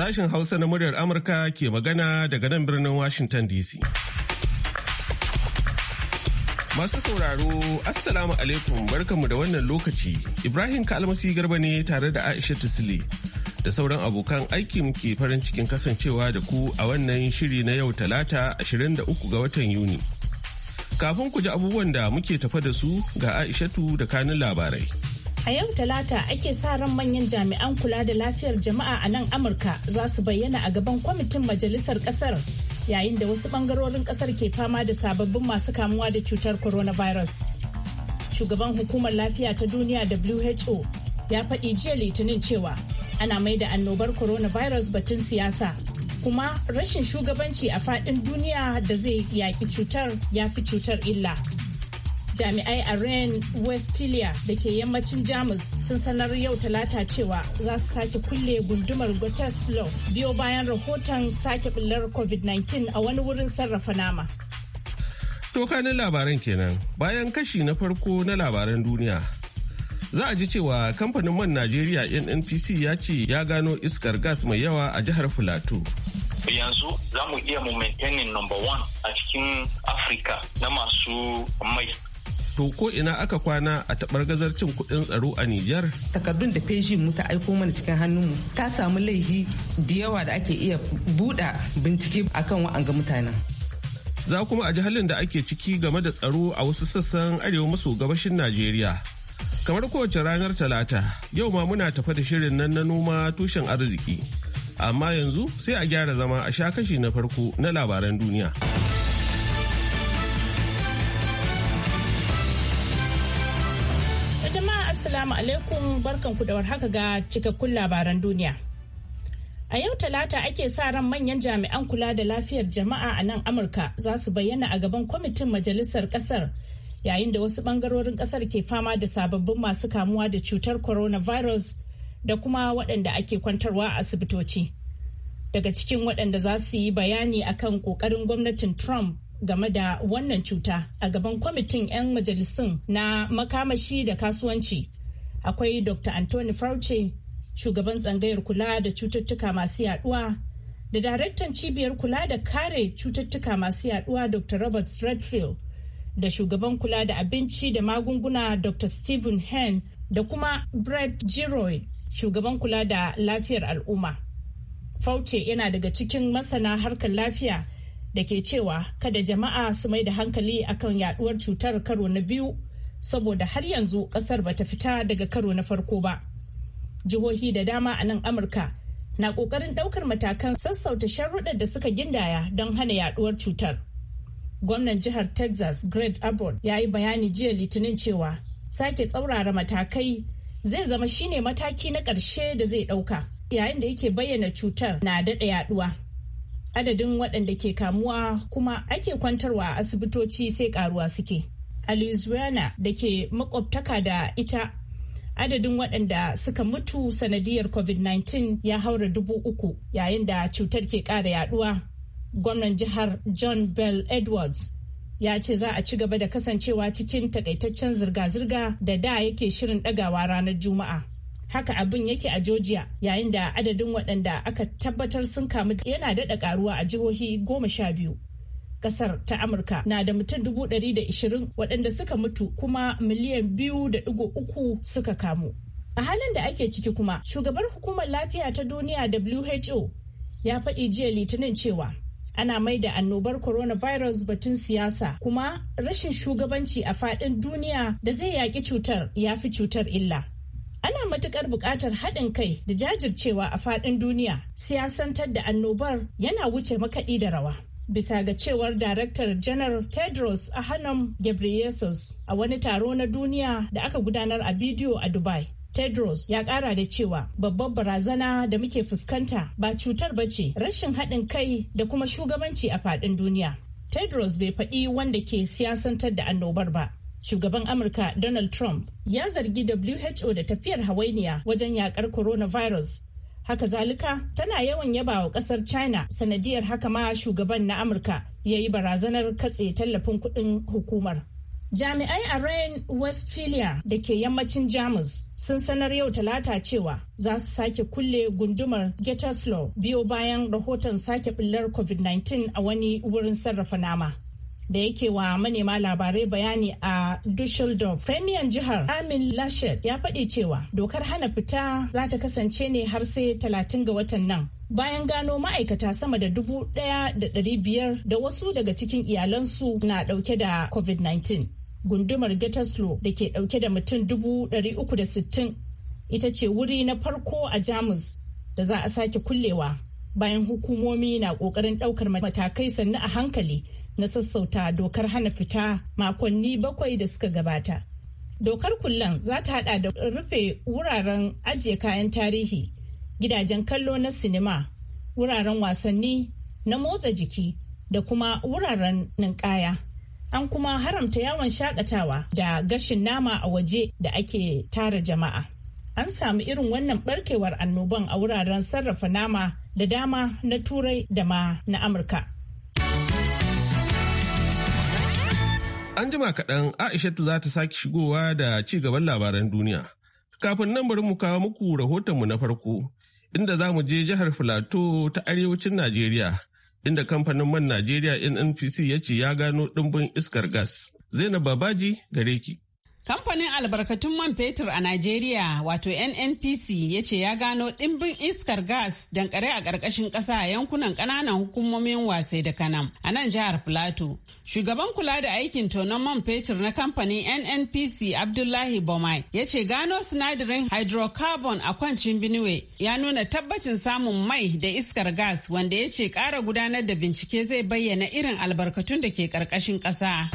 Sashen Hausa na muryar Amurka ke magana daga nan birnin Washington DC. Masu sauraro, Assalamu alaikum barkanmu da wannan lokaci. Ibrahim Kalmasi Garba ne tare da Aisha Tisle da sauran abokan aiki ke farin cikin kasancewa da ku a wannan shiri na yau talata 23 ga watan Yuni. Kafin ku ji abubuwan da muke tafa da su ga Aishatu da Kanun labarai. A yau Talata ake sa ran manyan jami'an kula da lafiyar jama'a a nan Amurka za su bayyana a gaban kwamitin majalisar kasar yayin da wasu bangarorin kasar ke fama da sababbin masu kamuwa da cutar coronavirus. Shugaban hukumar lafiya ta duniya WHO ya faɗi jiya litinin cewa ana mai da annobar coronavirus batun siyasa kuma rashin shugabanci a faɗin duniya da zai yaƙi cutar ya fi cutar illa. jami'ai a Rhine Westphalia da ke yammacin Jamus sun sanar yau talata cewa za su sake kulle gundumar Goteslow biyo bayan rahoton sake bullar COVID-19 a wani wurin sarrafa nama. Toka na labaran kenan bayan kashi na farko na labaran duniya. Za a ji cewa kamfanin man Najeriya NNPC ya ce ya gano iskar gas mai yawa a jihar Filato. yanzu za mu iya mu maintaining number one a cikin afirka na masu mai To ko ina aka kwana a tabar gazar cin kuɗin tsaro a Nijar? Takardun da feji mu ta aiko mana cikin hannunmu ta samu laifi da yawa da ake iya buɗa bincike akan wa'anga mutanen. Za kuma a ji halin da ake ciki game da tsaro a wasu sassan arewa maso gabashin Najeriya. Kamar kowace ranar Talata, yau ma muna tafa da shirin nan na noma tushen arziki. Amma yanzu sai a gyara zama a sha kashi na farko na labaran duniya. Assalamu alaikum barkanku da haka ga cikakkun labaran duniya. A yau talata ake sa ran manyan jami'an kula da lafiyar jama'a a nan Amurka za su bayyana a gaban kwamitin majalisar kasar yayin da wasu bangarorin kasar ke fama da sababbin masu kamuwa da cutar coronavirus da kuma waɗanda ake kwantarwa a asibitoci. Daga cikin waɗanda za su yi bayani akan ƙoƙarin gwamnatin Trump game da wannan cuta a gaban kwamitin 'yan majalisun na makamashi da kasuwanci akwai dr anthony fauci shugaban tsangayar kula da cututtuka masu yaduwa da daraktan cibiyar kula da kare cututtuka masu yaduwa dr robert redfield da shugaban kula da abinci da magunguna dr stephen hen da kuma brett giroid shugaban kula da lafiyar al'umma fauce yana daga cikin masana harkar lafiya da ke cewa kada jama'a su mai da hankali akan yaduwar cutar karo na biyu saboda har yanzu kasar bata fita daga karo na farko ba jihohi da dama a nan amurka na kokarin daukar matakan sassauta sharruɗar da suka gindaya don hana yaduwar cutar gwamnan jihar texas greg abbott ya yi bayani jiya litinin cewa sake tsaurara matakai zai zama shine mataki na ƙarshe da zai ɗauka yayin da yake bayyana cutar na daɗa yaduwa adadin waɗanda ke kamuwa kuma ake kwantarwa a asibitoci sai ƙaruwa suke a louisiana da ke makwabtaka da ita adadin waɗanda suka mutu sanadiyar covid-19 ya haura dubu uku yayin da cutar ke ƙara yaduwa gwamnan jihar john bell edwards ya ce za a ci gaba da kasancewa cikin takaitaccen zirga-zirga da da yake shirin ɗagawa ranar juma'a haka abin yake a georgia yayin da adadin waɗanda aka tabbatar sun kamu yana daɗa ƙaruwa a jihohi goma sha biyu kasar ta amurka na da mutum dubu ɗari da ishirin waɗanda suka mutu kuma miliyan biyu da ɗigo uku suka kamu a halin da ake ciki kuma shugabar hukumar lafiya ta duniya who ya faɗi jiya litinin cewa ana mai da annobar coronavirus batun siyasa kuma rashin shugabanci a faɗin duniya da zai yaƙi cutar ya fi cutar illa ana matuƙar buƙatar haɗin kai da jajircewa a faɗin duniya siyasantar da annobar yana wuce makaɗi da rawa bisa ga cewar Daraktar Janar Tedros Adhanom Ghebreyesus a wani taro na duniya da aka gudanar a bidiyo a Dubai. Tedros ya kara da cewa babbar barazana da muke fuskanta ba cutar ba ce rashin haɗin kai da kuma shugabanci a faɗin duniya. Tedros bai faɗi wanda ke siyasantar da annobar ba. Shugaban Amurka Donald Trump ya zargi WHO da tafiyar hawainiya wajen yakar coronavirus Haka zalika tana yawan yaba wa kasar China sanadiyar haka ma shugaban na Amurka ya yi barazanar katse tallafin kuɗin hukumar. Jami'ai a Rhine Westphalia da ke yammacin Jamus sun sanar yau talata cewa za su sake kulle gundumar Gettyslow biyo bayan rahoton sake bullar COVID-19 a wani wurin sarrafa nama. da yake wa manema labarai bayani a Dusseldorf. Premier jihar Amin Lashed ya faɗi cewa dokar hana fita za ta kasance ne har sai talatin ga watan nan. bayan gano ma'aikata sama da dubu ɗaya da ɗari biyar da wasu daga cikin iyalansu na ɗauke da covid-19 gundumar Gettyslo da ke ɗauke da mutum dubu ɗari uku da sittin ita ce wuri na farko a jamus da za a sake kullewa bayan hukumomi na ƙoƙarin ɗaukar matakai sannu a hankali na sassauta dokar hana fita makonni bakwai da suka gabata. Dokar kullan za ta hada da rufe wuraren ajiye kayan tarihi, gidajen kallo na sinima, wuraren wasanni na motsa jiki da kuma wuraren ninkaya. An kuma haramta yawon shakatawa da gashin nama a waje da ake tara jama'a. An samu irin wannan barkewar annoban a wuraren sarrafa nama da dama na Turai da ma na Amurka. An jima kaɗan Aishatu za ta sake shigowa da ci gaban labaran duniya. Kafin nan bari mu kawo muku mu na farko, inda za mu je jihar Filato ta arewacin Najeriya, inda kamfanin man Najeriya NNPC ya ce ya gano ɗimbin iskar gas. Zainab Babaji gare ki. Kamfanin albarkatun man fetur a Najeriya wato NNPC ya ce ya gano ɗimbin iskar gas dankare a ƙarƙashin ƙasa a yankunan ƙananan hukumomin wasai da kanam a nan jihar Filato. Shugaban kula da aikin tonon man fetur na kamfanin NNPC Abdullahi Bomai ya ce gano sinadarin hydrocarbon a kwancin Benue ya nuna tabbacin samun mai da iskar gas wanda ya ce ƙara gudanar da bincike zai bayyana irin albarkatun da ke ƙarƙashin ƙasa.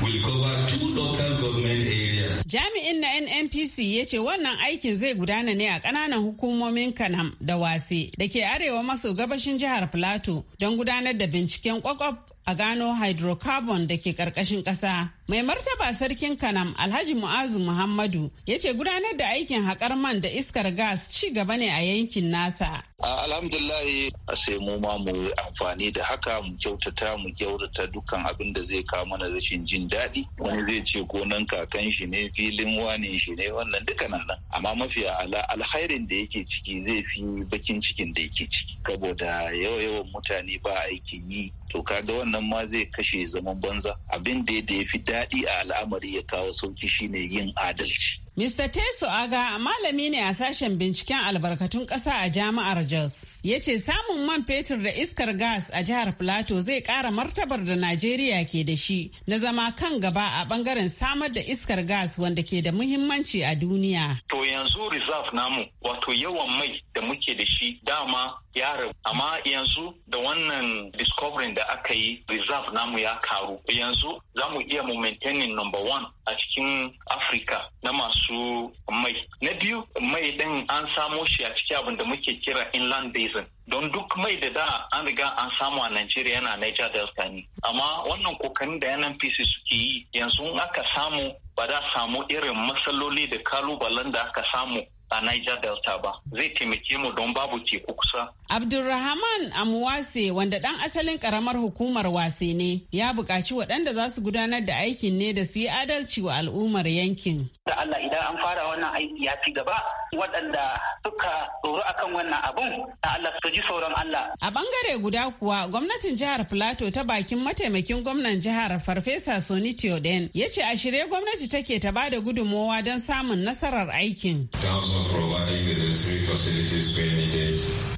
Jami'in na NNPC ya ce wannan aikin zai gudana ne a ƙananan hukumomin Kanam da Wase da ke arewa maso gabashin jihar Filato don gudanar da binciken kwakwaf a gano hydrocarbon da ke ƙarƙashin ƙasa. Mai martaba sarkin Kanam Alhaji Mu'azu Muhammadu ya ce gudanar da aikin haƙar man da iskar gas ci gaba ne a yankin nasa. A sai mu ma mu yi amfani da haka mu kyautata mu kyautata dukkan abin da zai kawo mana rashin jin daɗi. Wani zai ce gonan kakan shi ne filin wani shi ne wannan duka nan. Amma mafi ala da yake ciki zai fi bakin cikin da yake ciki. Saboda yawa-yawan mutane ba aikin yi to kaga wannan ma zai kashe zaman banza abin da ya fi daɗi a al'amari ya kawo sauki shine yin adalci Mr. Teso Aga malami ne a sashen binciken albarkatun ƙasa a jami'ar Jos. Ya ce samun man fetur da iskar gas a jihar Plateau zai ƙara martabar da Najeriya ke da shi na zama kan gaba a ɓangaren samar da iskar gas wanda ke da muhimmanci a duniya. To yanzu reserve namu wato yawan mai da muke da shi dama ya rabu amma yanzu da wannan discovering da aka yi reserve namu ya karu yanzu za mu iya mu maintaining number one a cikin Afrika na masu su mai. Na biyu mai din an samo shi a cikin abin da muke kira inland basin. Don duk mai da da an riga an samu a Najeriya yana Niger Delta ne. Amma wannan kokarin da NNPC suke yi yanzu aka samu ba za samu irin matsaloli da kalubalen da aka samu a Niger Delta ba. Zai taimake mu don babu teku kusa. Abdulrahman Amuwase wanda ɗan asalin karamar hukumar wase ne ya buƙaci waɗanda za su gudanar da aikin ne da su yi adalci wa al'ummar yankin. Da Allah idan an fara wannan aiki ya fi gaba waɗanda suka tsoro akan wannan abun da Allah su ji sauran Allah. A bangare guda kuwa gwamnatin jihar Filato ta bakin mataimakin gwamnan jihar Farfesa Soni Teoden ya ce a shirye gwamnati take ta ba da gudummawa don samun nasarar aikin.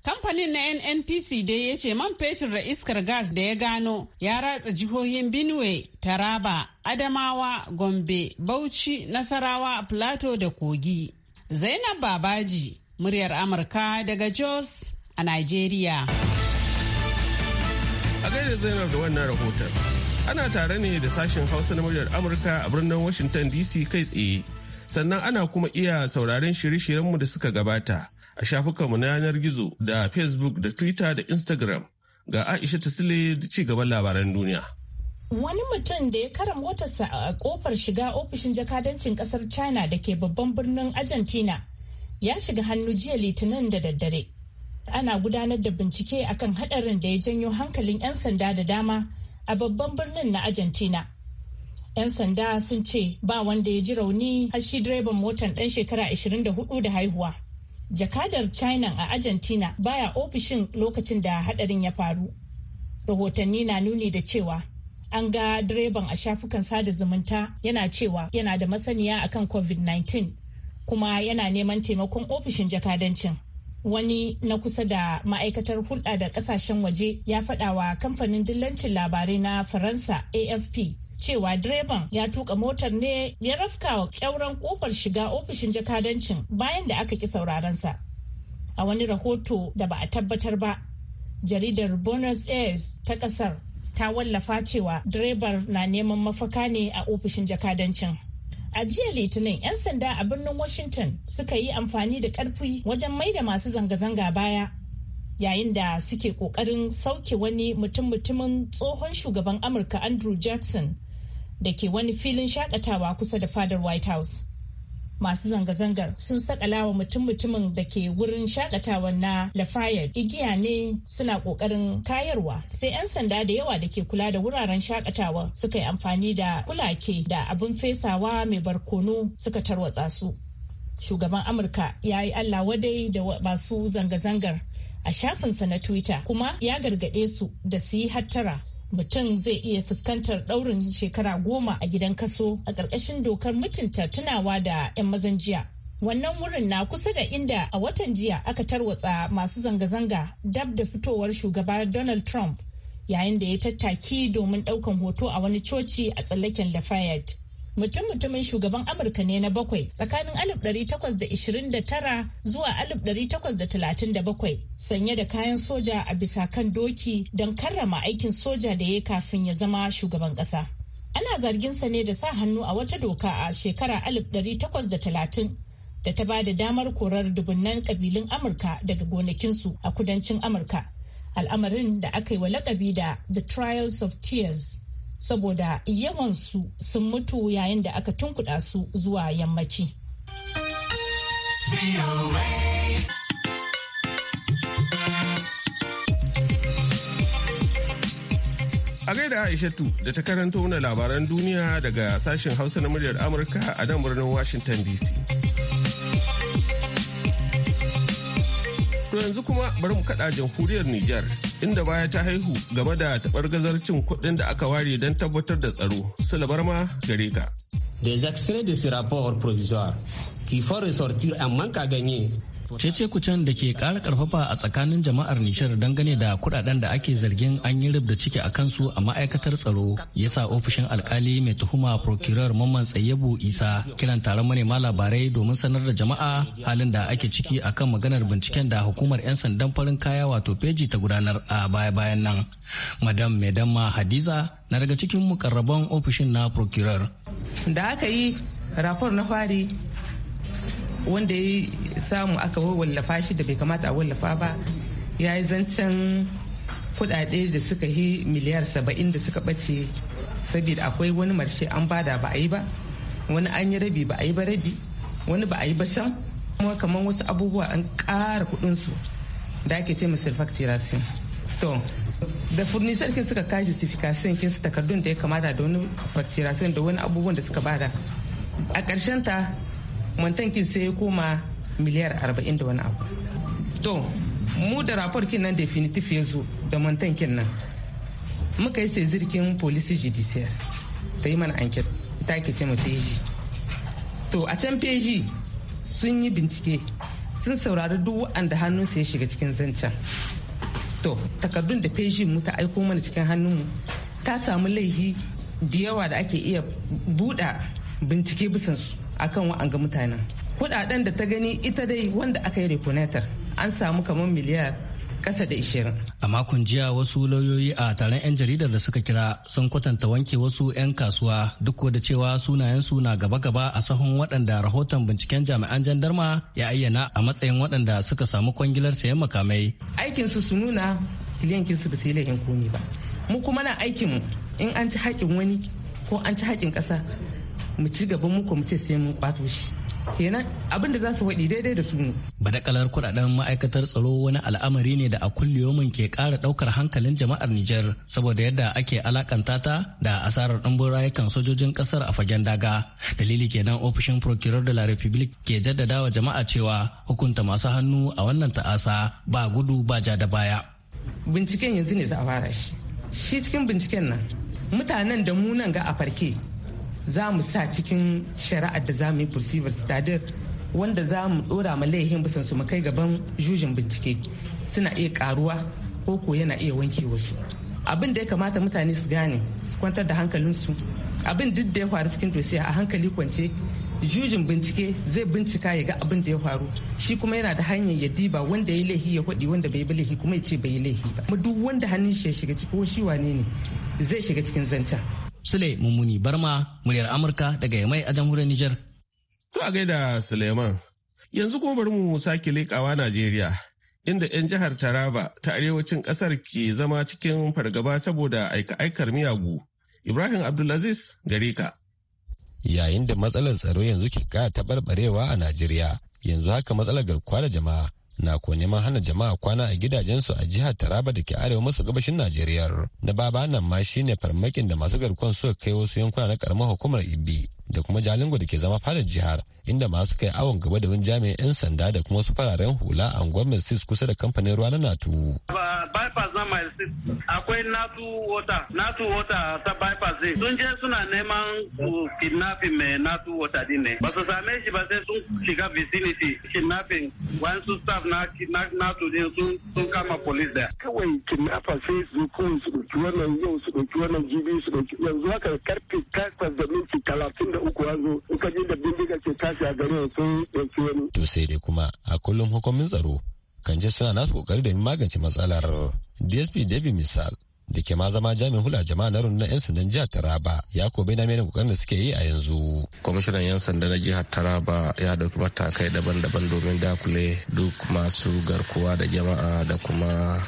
Kamfanin na NNPC dai ya ce man fetur da iskar gas da ya gano ya ratsa jihohin Benue, Taraba, Adamawa, Gombe, Bauchi, Nasarawa, Plateau da Kogi. Zainab Babaji, muryar Amurka daga Jos a Nigeria. A gaida Zainab da wannan rahoton. Ana tare ne da sashen Hausa na muryar Amurka a birnin Washington DC kai tsaye. sannan ana kuma iya sauraron shirye-shiryenmu da suka gabata a shafukanmu na yanar gizo da facebook da twitter da instagram ga aisha tasile da ci gaban labaran duniya wani mutum da ya kara motarsa a kofar shiga ofishin jakadancin kasar china da ke babban birnin argentina ya shiga hannu jiya litinin da daddare ana gudanar da bincike akan hadarin da ya janyo hankalin 'yan sanda da dama a babban birnin na argentina 'yan sanda sun ce ba wanda ya ji rauni har shi direban motar ɗan shekara 24 da haihuwa jakadar china a argentina baya ofishin lokacin da hadarin ya faru rahotanni na nuni da cewa an ga direban a shafukan sada zumunta yana cewa yana da masaniya akan covid-19 kuma yana neman taimakon ofishin jakadancin wani na kusa da ma'aikatar hulɗa da ƙasashen waje ya faɗawa kamfanin dillancin labarai na faransa afp cewa direban ya tuka motar ne ya rafka wa kyauran kofar shiga ofishin jakadancin bayan da aka ki saurarensa. A wani rahoto da ba a tabbatar ba, jaridar bonus Aires ta kasar ta wallafa cewa direban na neman mafaka ne a ofishin jakadancin. A jiya Litinin 'yan sanda a birnin Washington suka yi amfani da ƙarfi wajen maida masu zanga-zanga baya yayin da suke kokarin sauke wani mutum-mutumin tsohon shugaban amurka andrew jackson da ke wani filin shakatawa kusa da fadar white house masu zanga-zangar sun sakalawa mutum-mutumin da ke wurin shakatawa na lafayette igiya ne suna ƙoƙarin kayarwa sai 'yan sanda da yawa da ke kula da wuraren shakatawa suka yi amfani da kulake da abin fesawa mai barkono suka tarwatsa su shugaban amurka ya yi allah wadai da masu zanga-zangar a shafinsa na twitter kuma ya gargaɗe su da su yi hattara mutum zai iya fuskantar ɗaurin shekara goma a gidan kaso a ƙarƙashin dokar mutunta tunawa da 'yan mazan jiya. Wannan wurin na kusa da inda a watan jiya aka tarwatsa masu zanga-zanga dab da fitowar shugaba Donald Trump yayin da ya tattaki domin ɗaukan hoto a wani coci a tsallaken Lafayette. mutum-mutumin shugaban amurka ne na bakwai tsakanin 1829 zuwa 1837 sanye da kayan soja a bisa kan doki don karrama aikin soja da ya kafin ya zama shugaban ƙasa ana zarginsa ne da sa hannu a wata doka a shekara 1830 da ta ba da damar korar dubunnan kabilun amurka daga gonakinsu a kudancin amurka al'amarin da aka yi wa lakabi da the trials of tears saboda yawansu sun mutu yayin da aka tunkuda su zuwa yammaci. A gaida Aishatu da ta karanto mana labaran duniya daga sashen Hausa na muryar Amurka a nan birnin Washington DC. To yanzu kuma bari mu kaɗa jamhuriyar Nijar inda baya ta haihu game da tabargazar cin kuɗin da aka ware don tabbatar da tsaro. Sulabar ma gare ka. Des extraits de ce rapport provisoire qui font ressortir un manque à gagner cece kucen da ke kara karfafa a tsakanin jama'ar nishar dangane da kudaden da ake zargin an yi rubda ciki a kansu a ma'aikatar tsaro ya sa ofishin alkali mai tuhuma procurer mamman tsayyabu isa kiran taron manema labarai domin sanar da jama'a halin da ake ciki akan maganar binciken da hukumar 'yan sandan farin kaya wato peji ta gudanar a baya-bayan nan madam medamma hadiza na daga cikin mukarraban ofishin na procurer da aka yi rapor na fari wanda ya samu aka wallafa shi da bai kamata a wallafa ba ya yi zancen kudade da suka yi miliyar saba'in da suka bace saboda akwai wani marshe an bada ba a yi ba wani an yi rabi ba a yi ba rabi wani ba a yi ba sam kuma kamar wasu abubuwa an kara kuɗinsu da ake ce masu facturation to da furnisar kin suka kashi justification kin su takardun da ya kamata da wani facturation da wani abubuwan da suka bada a ƙarshen ta mantan kin sai ya koma miliyar arba'in da wani abu to mu da rapor kin nan definitive ya zo da mantan kin nan muka yi zirkin polisi judiciaire ta yi mana anket ta ke ce mu peji to a can peji sun yi bincike sun saurari duk waɗanda su ya shiga cikin zancen to takardun da peji mu ta aiko mana cikin hannun mu ta samu laifi da yawa da ake iya buɗa bincike bisansu akan wa'anga mutanen kudaden da ta gani ita dai wanda aka yi rekonetar an samu kamar miliyar kasa da ishirin. A makon jiya wasu lauyoyi a taron 'yan jaridar da suka kira sun kwatanta wanke wasu 'yan kasuwa duk da cewa sunayensu na gaba-gaba a sahun waɗanda rahoton binciken jami'an jandarma ya ayyana a matsayin waɗanda suka samu kwangilar sayan makamai. Aikinsu su nuna kiliyankinsu ba su yi laifin komi ba. Mu kuma na aikinmu in an ci haƙin wani ko an ci haƙin ƙasa mu ci gaba mu mu ce sai mun kwato shi. kenan abin da za su faɗi daidai da su ne. Badakalar kuɗaɗen ma'aikatar tsaro wani al'amari ne da a kulliyomin ke kara ɗaukar hankalin jama'ar Nijar saboda yadda ake alakanta ta da asarar ɗumbin rayukan sojojin ƙasar a fagen daga. Dalili kenan ofishin Procureur de la Republique ke jaddada wa jama'a cewa hukunta masu hannu a wannan ta'asa ba gudu ba ja da baya. Binciken yanzu ne za a fara shi. Shi cikin binciken nan mutanen da mu nan ga a farke za mu sa cikin shari'ar da za mu yi procedure stadir wanda za mu dora ma laihin bisan su kai gaban jujin bincike suna iya karuwa ko ko yana iya wanke wasu abin da ya kamata mutane su gane su kwantar da hankalinsu abin duk da ya faru cikin dosiya a hankali kwance jujin bincike zai bincika ya ga abin da ya faru shi kuma yana da hanyar ya diba wanda ya laifi ya kwaɗi wanda bai yi laifi kuma ya ce bai yi laifi ba duk wanda hannun shi ya shiga ciki ko shi wane ne zai shiga cikin zancen Sule Mummuni Barma, muryar Amurka daga Yamai a jamhuriyar Nijar. To a gaida Suleiman. Yanzu kuma bari mu sake leƙawa Najeriya. Inda 'yan jihar Taraba ta arewacin ƙasar ke zama cikin fargaba saboda aika-aikar miyagu. Ibrahim Abdulaziz gare ka. Yayin da matsalar tsaro yanzu ke ƙara taɓarɓarewa a Najeriya, yanzu haka matsalar garkuwa da jama'a na ko neman hana jama'a kwana a gidajensu a jihar Taraba da ke arewa maso gabashin Najeriya. Na baba nan ma shine farmakin da masu garkuwan suka kai wasu yankuna na karamar hukumar ibi da kuma Jalingo da ke zama fadar jihar inda masu kai awon gaba da wani jami'in 'yan sanda da kuma wasu fararen hula a unguwar Sis kusa da kamfanin ruwa na Natu. Bypass exit akwai natu water natu water ta bypass din sun je suna neman ku kidnapping mai natu water din ne ba su same shi ba sai sun shiga vicinity kidnapping wani su staff na natu din sun kama police da kawai kidnapper sai su kun su dauki wannan yau su dauki wannan jibi su dauki yanzu haka karfe takwas da minti talatin da uku yanzu in ka je da bindiga ke tashi a garin sun dauki wani. to sai dai kuma a kullum hukumin tsaro kan ji suna nasu kokari domin magance matsalar dsp david misal da ke ma zama jami'in hula jama'a na rundunar 'yan sandan jihar Taraba ya ko bai dame kokarin da suke yi a yanzu. Kwamishinan 'yan sanda na jihar Taraba ya dauki matakai daban-daban domin dakule duk masu garkuwa da jama'a da kuma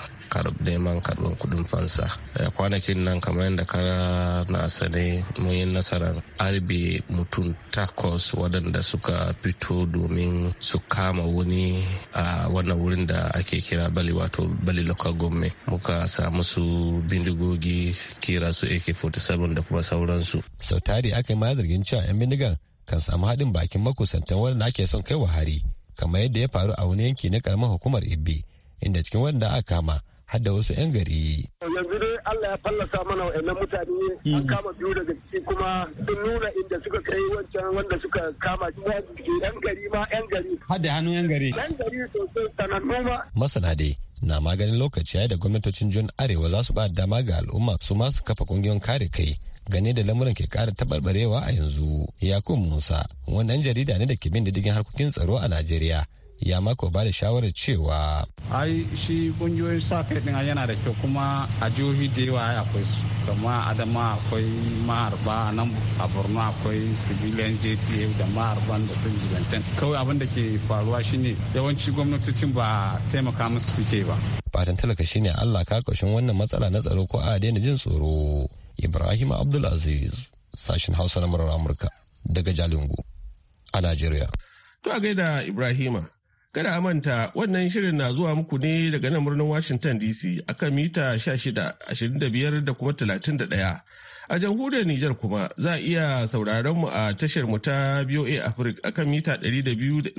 neman karɓar kudin fansa eh, kwanakin nan kamar yadda kara na sane mun yi nasarar arbe mutum takwas waɗanda suka fito domin su kama wani a wannan wurin da ake kira bali wato bali local government muka samu su bindigogi kira su ak-47 da kuma sauransu sau tari aka yi ma zargin cewa 'yan bindigan kan samu haɗin bakin makusantan wanda ake son kai wa hari kamar yadda ya faru a wani yanki na karamar hukumar ibbi inda cikin wanda aka kama har da wasu 'yan gari. Yanzu dai Allah ya fallasa mana wa'annan mutane an kama biyu daga ciki kuma sun nuna inda suka kai wancan wanda suka kama shi yan gari ma 'yan gari. Har hannu 'yan gari. 'Yan gari sosai sanannu ma. Masana dai na maganin lokaci ya da gwamnatocin jihun arewa za su ba dama ga al'umma su ma su kafa kungiyoyin kare kai gane da lamuran ke kara tabarbarewa a yanzu yakub musa wannan jarida ne da ke bin diddigin harkokin tsaro a najeriya ya mako ba da shawarar cewa ai shi kungiyoyin sa kai din yana da kyau kuma a jihohi da yawa akwai su kuma adama akwai maharba a nan a borno akwai civilian jta da maharban da sun jilantan kawai abin da ke faruwa shine yawanci gwamnatocin ba taimaka musu suke ba fatan talaka shine allah ka kaushin wannan matsala na tsaro ko a daina jin tsoro ibrahim abdulaziz sashen hausa na murar amurka daga jalingo a najeriya to a gaida ibrahima Kada a manta wannan shirin na zuwa muku ne daga nan birnin Washington DC akan mita 16, da kuma 31. A jamhuriyar Nijar kuma za a iya sauraron mu a tashar mu ta BOA Africa akan mita 200.5.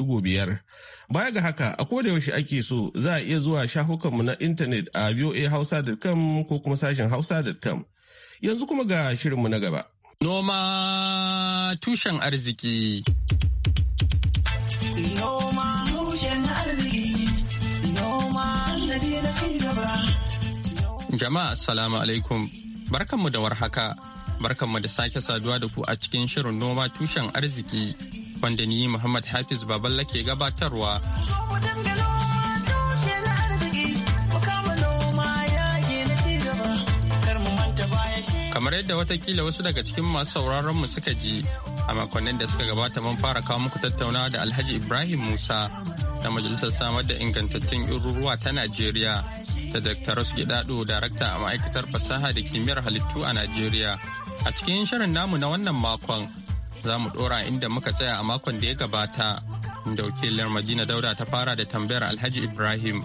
Baya ga haka a koda yaushe ake so za a iya zuwa shafukan mu na intanet a boahausa.com ko kuma sashen hausa.com. Yanzu kuma ga shirinmu na gaba. Noma tushen arziki. Jama'a salamu alaikum barkanmu da warhaka barkanmu da sake saduwa da ku a cikin shirin noma tushen arziki wanda ni Muhammad Hafiz Baballa ke gabatarwa. Kamar yadda watakila wasu daga cikin masu sauraronmu suka ji a makonnin da suka gabata mun fara kawo muku tattaunawa da alhaji ibrahim musa na majalisar samar da ingantattun ruwa ta najeriya da dr ross gidado darakta a ma'aikatar fasaha da kimiyyar halittu a najeriya a cikin shirin namu na wannan makon za mu dora inda muka tsaya a makon da ya gabata inda wakilin madina dauda ta fara da tambayar alhaji ibrahim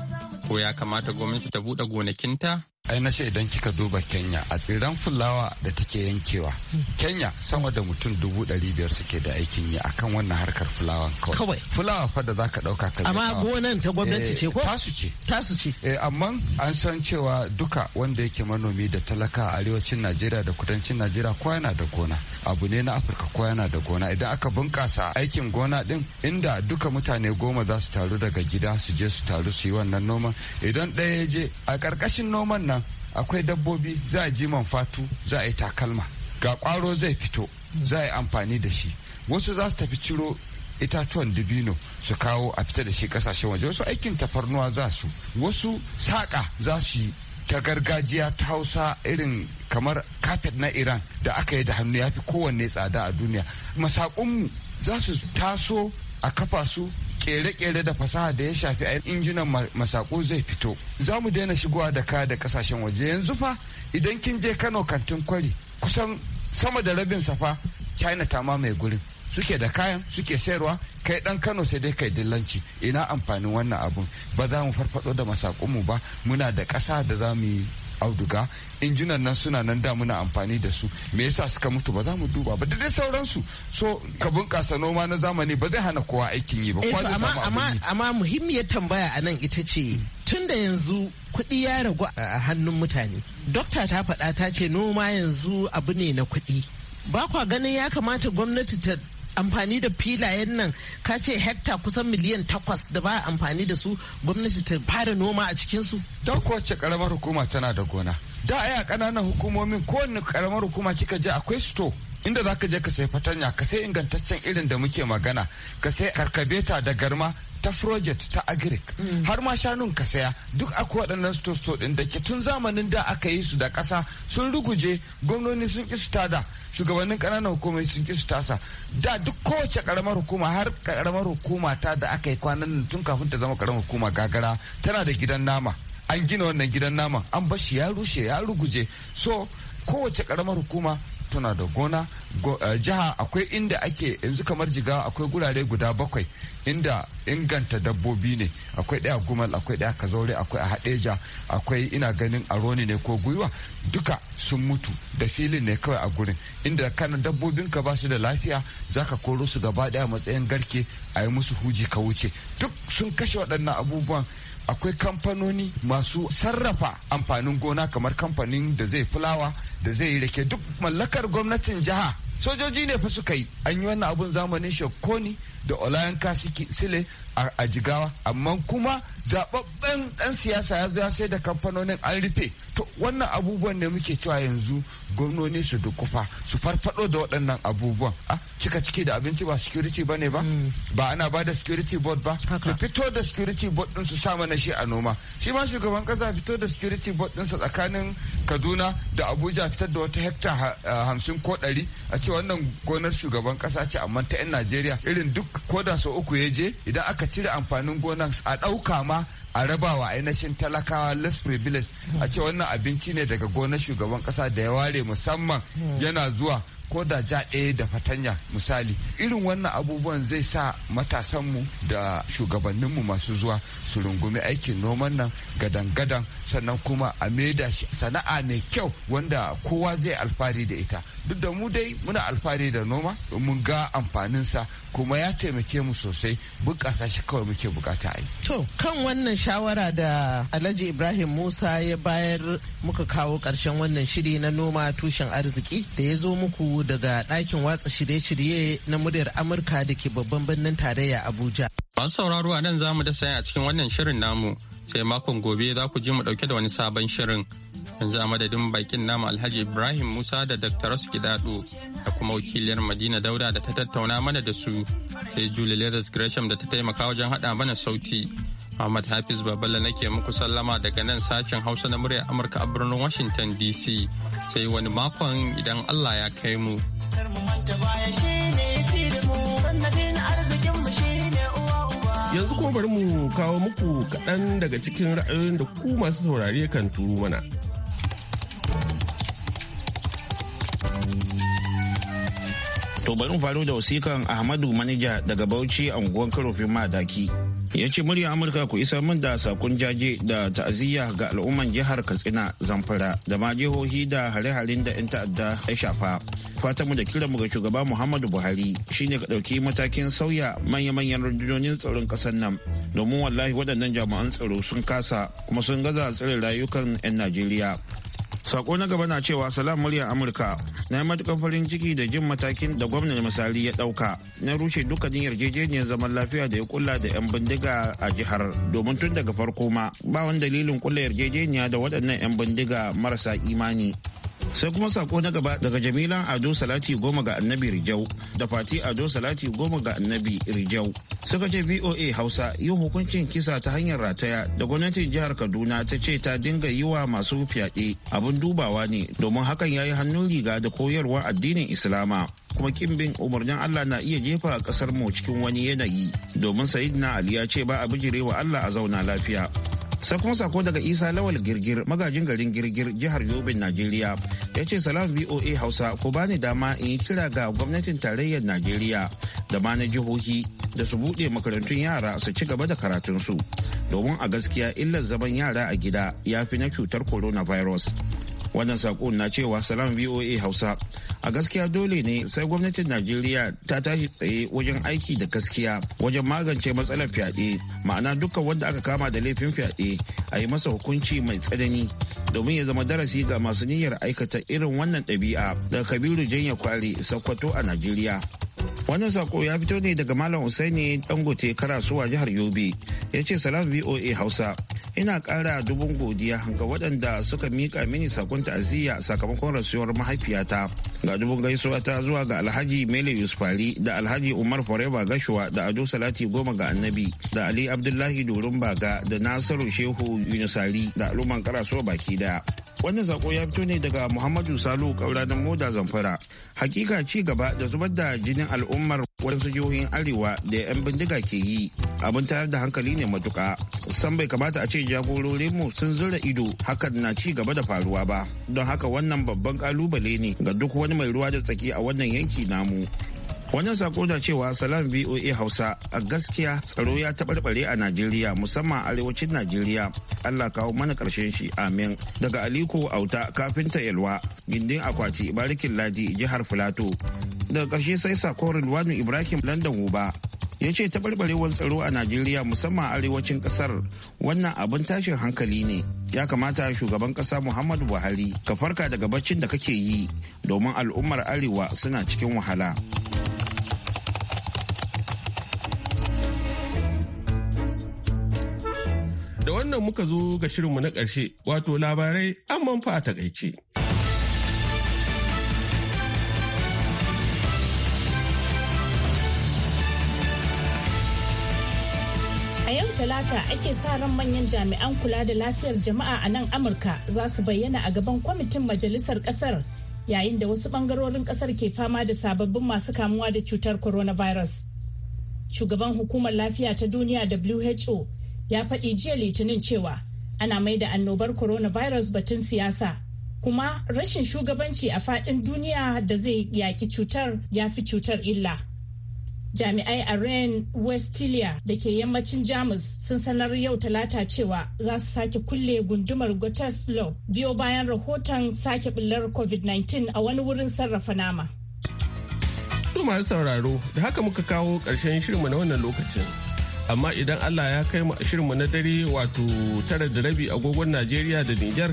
ko ya kamata gwamnati ta buɗe gonakinta ai na ce idan kika duba kenya a tsiran fulawa da take yankewa kenya sama da mutum dubu ɗari biyar suke da aikin yi akan wannan harkar fulawa kawai fulawa fa da za ka ɗauka ka amma gonan ta gwamnati eh, ce ko tasu ce tasu ce eh, amma an san cewa duka wanda yake manomi da talaka a arewacin najeriya da kudancin najeriya ko yana da gona abu ne na afirka ko yana da gona idan aka bunkasa aikin gona din inda duka mutane goma za su taru daga gida su je su taru su yi wannan noman idan ɗaya ya je a ƙarƙashin noman na nan akwai dabbobi za a ji man fatu za a yi takalma ga kwaro zai fito za a yi amfani da shi wasu za su tafi ciro itatuwan dibino su kawo a fita da shi kasashen waje wasu aikin tafarnuwa za su wasu saƙa za su yi ta gargajiya ta hausa irin kamar kafet na iran da aka yi da hannu ya fi kowanne tsada a duniya masakunmu za su taso a kafa su kere-kere da fasaha da ya shafi a injinan masako zai fito za mu daina shigowa da kaya da kasashen waje yanzu fa idan kin je kano kantin kwari kusan sama da rabin safa china ta mamaye gurin suke da kayan suke sayarwa kai dan kano sai dai kai dillanci ina amfanin wannan abun ba za mu farfado da masakunmu ba muna da ƙasa da za mu yi auduga injunan nan suna nan da muna amfani da su me yasa suka mutu ba za mu duba ba da dai sauransu so ka bunƙasa noma na zamani ba zai hana kowa aikin yi ba eh, kowa zai samu amma amma muhimmiyar tambaya a nan ita ce tun da yanzu kuɗi ya ragu a hannun mutane dokta ta faɗa ta ce noma yanzu abu ne na kuɗi ba kwa ganin ya kamata gwamnati ta amfani da filayen nan ka ce hekta kusan miliyan takwas da ba amfani da su gwamnati ta fara noma a cikinsu? don kowace karamar hukuma tana da gona da a kananan hukumomin kowane karamar hukuma kika je akwai sto inda za ka je ka sai fatanya ka sai ingantaccen irin da muke magana ka sai ta da garma ta project ta agric mm. har ma shanun ka saya duk akwai waɗannan sto ɗin da ke tun zamanin da aka yi su da ƙasa sun ruguje gwamnoni sun ƙi su tada shugabannin ƙananan hukumai sun ƙi su tasa da duk kowace ƙaramar hukuma har ƙaramar hukuma ta da aka yi kwanan nan tun kafin ta zama ƙaramar hukuma gagara tana da gidan nama an gina wannan gidan nama an bashi ya rushe ya ruguje so kowace karamar hukuma tana da gona eh, jiha akwai inda ake yanzu kamar jiga akwai gurare guda bakwai inda inganta dabbobi ne akwai ɗaya gumal akwai ɗaya kazaure akwai a haɗeja akwai ina ganin aroni ne ko gwiwa duka sun mutu da filin ne kawai a gurin inda kana dabbobin ka basu da lafiya zaka koro su gaba ɗaya matsayin garke a yi musu huji ka wuce duk sun kashe waɗannan abubuwan akwai kamfanoni masu sarrafa amfanin gona kamar kamfanin da zai fulawa da zai yi rake duk mallakar gwamnatin jiha sojoji ne fa suka yi an yi wannan abun zamanin shakoni da olayan kasiki sile a jigawa amma kuma zababben ɗan siyasa ya zo ya sai da kamfanonin an rufe to wannan abubuwan ne muke cewa yanzu gwamnoni su dukufa su farfado da waɗannan abubuwan a cika ciki da abinci ba security ba ne ba mm. ba ana ba da security board ba su fito da security board din su sa mana shi a noma shi ma shugaban kasa fito da security board din sa tsakanin kaduna da abuja fitar da wata hekta hamsin ko ɗari a ce wannan gonar shugaban kasa ce amma ta 'yan najeriya irin duk koda sau uku ya je idan aka aka cire amfanin gonan a ɗauka ma a rabawa ainihin talakawa less privilege a ce wannan abinci ne daga gonar shugaban kasa da ya ware musamman hmm. yana zuwa ko da ja ɗaya da fatanya misali irin wannan abubuwan zai sa matasanmu da shugabanninmu masu zuwa su rungumi aikin noman nan gadan-gadan sannan kuma a maida sana'a mai kyau wanda kowa zai alfahari da ita duk da mu dai muna alfahari da noma mun ga amfaninsa kuma ya taimake mu sosai bunƙasa shi kawai muke bukata a yi. to kan wannan shawara da alhaji ibrahim musa ya bayar muka kawo ƙarshen wannan shiri na noma tushen arziki da ya zo muku daga ɗakin watsa shirye-shirye na muryar Amurka da ke babban birnin tarayya Abuja. Masu sauraro a nan za mu dasa a cikin wannan shirin namu sai makon gobe za ku ji mu ɗauke da wani sabon shirin. Yanzu a madadin bakin namu Alhaji Ibrahim Musa da Dr. Raski Dado da kuma wakiliyar Madina Dauda da ta tattauna mana da su sai Julie Leathers Gresham da ta taimaka wajen haɗa mana sauti. Ahmad Hafiz Babala nake muku sallama daga nan sashen Hausa na muryar Amurka a birnin Washington DC sai wani makon idan Allah ya kai mu. Yanzu kuma bari mu kawo muku kaɗan daga cikin ra'ayoyin da ku masu saurari kan turu mana. To bari mu faru da wasikan Ahmadu Manija daga Bauchi a unguwar Karofin Madaki. ya ce murya amurka ku isa min da sakun jaje da ta'aziyya ga al'umman jihar katsina zamfara da ma jihohi da hare-haren da 'yan ta'adda ya shafa fatanmu da mu ga shugaba muhammadu buhari shine ka ɗauki matakin sauya manya-manyan rundunonin tsaron ƙasar nan domin wallahi waɗannan jami'an tsaro sun kasa kuma sun gaza tsare rayukan 'yan najeriya sako na gaba na cewa salam murya amurka na yi matukar farin ciki da jin matakin da gwamnan misali ya dauka na rushe dukkanin yarjejeniyar zaman lafiya da ya kula da yan bindiga a jihar domin tun daga farko ma ba wani dalilin kulla yarjejeniya da waɗannan yan bindiga marasa imani sai kuma sako na gaba daga jamila ado salati goma ga annabi rijau da fati ado salati goma ga annabi rijau suka ce voa hausa yin hukuncin kisa ta hanyar rataya da gwamnatin jihar kaduna ta ce ta dinga yi wa masu fyaɗe abin dubawa ne domin hakan ya yi hannun riga da koyarwa addinin islama kuma kin bin umarnin Allah na iya jefa kasar mu cikin wani yanayi domin sayidina Ali ya ce ba a wa Allah a zauna lafiya sai kuma sako daga isa lawal girgir magajin garin girgir jihar yobin najeriya ya ce salam voa hausa ko ba ni dama in yi kira ga gwamnatin tarayyar najeriya da ma na jihohi da su buɗe makarantun yara su ci gaba da karatunsu domin a gaskiya illar zaman yara a gida ya fi na cutar coronavirus wannan sako na cewa salam voa hausa a gaskiya dole ne sai gwamnatin najeriya ta tashi tsaye wajen aiki da gaskiya wajen magance matsalar fyaɗe ma'ana dukkan wanda aka kama da laifin fyaɗe a yi masa hukunci mai tsanani domin ya zama darasi ga masu niyyar aikata irin wannan ɗabi'a daga kabiru janya kwari sokoto a najeriya wannan sako ya fito ne daga malam usaini dangote karasuwa jihar yobe ya ce salam voa hausa ina kara dubun godiya ga waɗanda suka mika mini sakon ta'aziyya sakamakon rasuwar mahaifiyata ga dubun gaisuwa ta zuwa ga alhaji mele yusufari da alhaji umar forever gashuwa da ado salati goma ga annabi da ali abdullahi dorin baga da nasiru shehu yunusari da al'umman karasuwa baki daya wannan sako ya fito ne daga muhammadu salu kauranin moda zamfara hakika ci gaba da zubar da jinin al'umma al'ummar wasu jihohin arewa da 'yan bindiga ke yi abin tayar da hankali ne matuka san bai kamata a ce jagororinmu sun zura ido hakan na ci gaba da faruwa ba don haka wannan babban kalubale ne ga duk wani mai ruwa da tsaki a wannan yanki namu wannan sako na cewa salam voa hausa a gaskiya tsaro ya tabarbare a najeriya musamman arewacin najeriya allah kawo mana karshen shi amin daga aliko auta kafinta yalwa gindin akwati barikin ladi jihar filato daga karshe sai sako rilwanu ibrahim london uba ya ce tabarbarewar tsaro a najeriya musamman arewacin kasar wannan abin tashin hankali ne ya kamata shugaban kasa muhammadu buhari ka farka daga baccin da kake yi domin al'ummar arewa suna cikin wahala da wannan muka zo ga shirinmu na ƙarshe wato labarai an manfa a takaice. yau Talata ake sa ran manyan jami'an kula da lafiyar jama'a a nan Amurka za su bayyana a gaban kwamitin majalisar kasar yayin da wasu bangarorin kasar ke fama da sababbin masu kamuwa da cutar coronavirus. Shugaban hukumar lafiya ta duniya WHO ya faɗi jiya litinin cewa ana mai da annobar coronavirus batun siyasa kuma rashin shugabanci a faɗin duniya da zai yaki cutar ya fi cutar illa. Jami'ai a Rhine Westphalia da ke yammacin Jamus sun sanar yau talata cewa za su sake kulle gundumar Goteslow biyo bayan rahoton sake bullar COVID-19 a wani wurin sarrafa nama. masu sauraro da haka muka kawo ƙarshen shirinmu na wannan lokacin. amma idan Allah ya kai shirin mu na dare wato tara da rabi agogon Najeriya da Nijar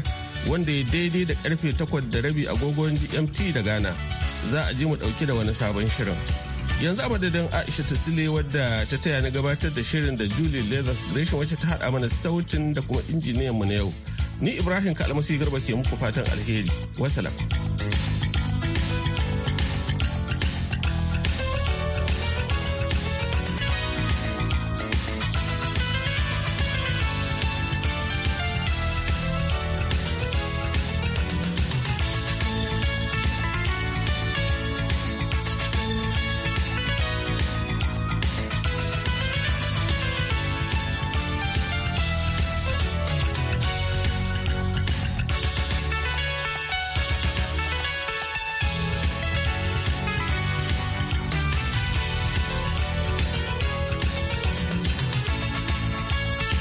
wanda ya daidai da karfe takwas da rabi agogon GMT da Ghana za a je mu dauki da wani sabon shirin. Yanzu a madadin Aisha Tasile wadda ta taya ni gabatar da shirin da Julie Leathers rashin wacce ta haɗa mana sautin da kuma injiniyan mu na yau. Ni Ibrahim Kalmasi Garba ke muku fatan alheri. Wasalam.